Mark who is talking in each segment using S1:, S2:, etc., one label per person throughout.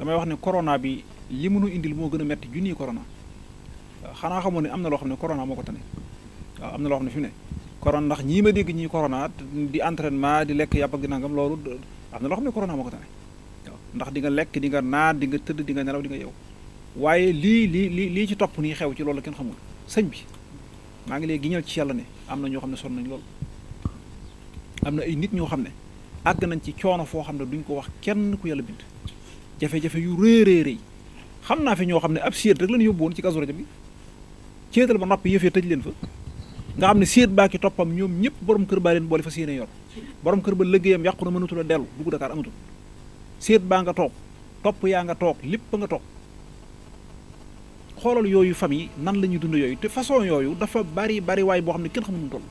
S1: damay wax ne corona bi li mënu indil moo gën a metti junniy corona xanaa xamoon ne am na loo xam ne corona moo ko tane waaw am na loo xam ne ne corona ndax ñii ma dégg ñii corona di entraînement di lekk yàpp ak di nangam loolu am na loo ne corona moo ko tane waaw ndax dinga lekk di nga naan di nga tëdd di nga nelaw di nga yeew waaye lii lii lii lii ci topp nii xew ci loolu kenn xamul sëñ bi maa ngi léegi giñal ci yàlla ne am na ñoo xam ne sonn nañ lool am na ay nit ñoo xam ne àgg nañ ci coono foo xam ne duñ ko wax kenn ku yàlla bind jafe-jafe yu réeréer yi xam naa fi ñoo xam ne ab séet rek lañu yóbbu woon ci kasu bi séetal ba noppi yëf ya tëj leen fa nga xam ne séet baa ki toppam ñoom ñëpp borom kër baa leen boole fa séene yor borom kër ba liggéeyam yàqu na mënatul a dellu dugg Dakar amatul séet baa nga toog topp yaa nga toog lépp nga toog xoolal yooyu fam yi nan la ñuy dund yooyu te façon yooyu dafa bari bari waay boo xam ne kenn xamuñu toll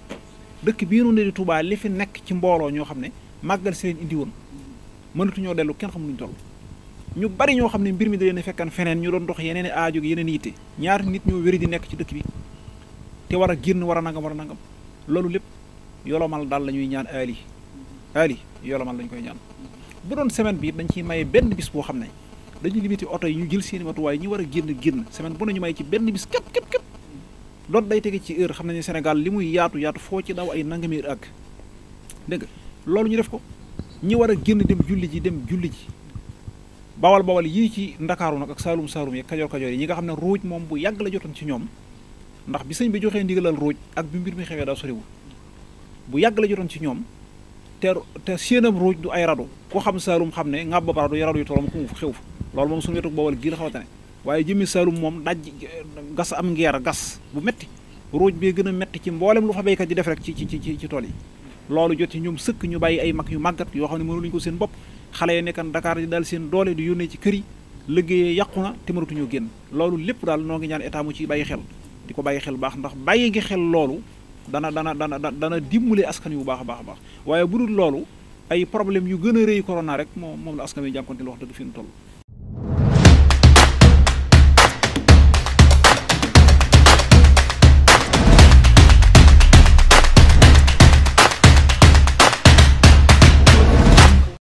S1: dëkk bii nu ne di Touba li fi nekk ci mbooloo ñoo xam ne màggal si leen indi woon mënatuñoo dellu kenn xamuñu toll ñu bari ñoo xam ne mbir mi da leen a fekkan feneen ñu doon dox yeneen i aajo yeneen yitte ñaar nit ñoo wéri di nekk ci dëkk bi te war a génn war a nangam war a nangam loolu lépp yolomal daal la ñuy ñaan aali aali yolomal lañ koy ñaan bu doon semaine bii dañ ciy maye benn bis boo xam ne dañuy limité oto yi ñu jël seeni matuwaay ñu war a génn génn semaine bu ne ñu may ci benn bis képp képp képp loolu day tege ci heure xam nañu senegal li muy yaatu yaatu foo ci daw ay nangami ak dégg loolu ñu def ko ñi war a génn dem julli ji dem julli ji bawal bawal yii ci ndakaaru nag ak saalum saalum yi kajoor kajoor yi ñi nga xam ne ruuj moom bu yàgg la jotoon ci ñoom ndax bi sëñ bi joxee ndigalal ruuj ak mbir mi xewee daa soriwul bu yàgg la jotoon ci ñoom te te séenam ruuj du ay radu ku xam saalum xam ne ngàbb ba radu yi radu yu tolom ku mu xew fa loolu moom suñu wetuk bawal gii la xawatane waaye jëmmi saalum moom daj gas am ngeer gas bu metti ruuj bee gën a metti ci mboolem lu fa béykat di def rek ci ci ci ci tool yi loolu jot ci ñoom sëkk ñu bàyyi ay mag yu màggat yoo xam ne mënu luñu ko seen bopp xale yi nekkan ndakaar di daal seen doole di yónnee ci kër yi liggéeyee yàqu na te mënatuñoo génn loolu lépp daal noo ngi ñaan état mu ci bàyyi xel di ko bàyyi xel baax ndax bàyyi ngi xel loolu dana dana dana dana dimbale askan yu baax baax a baax waaye bu dul loolu ay problème yu gën a rëy corona rek moom moom la askan wi jànkonte wax dëgg fi mu toll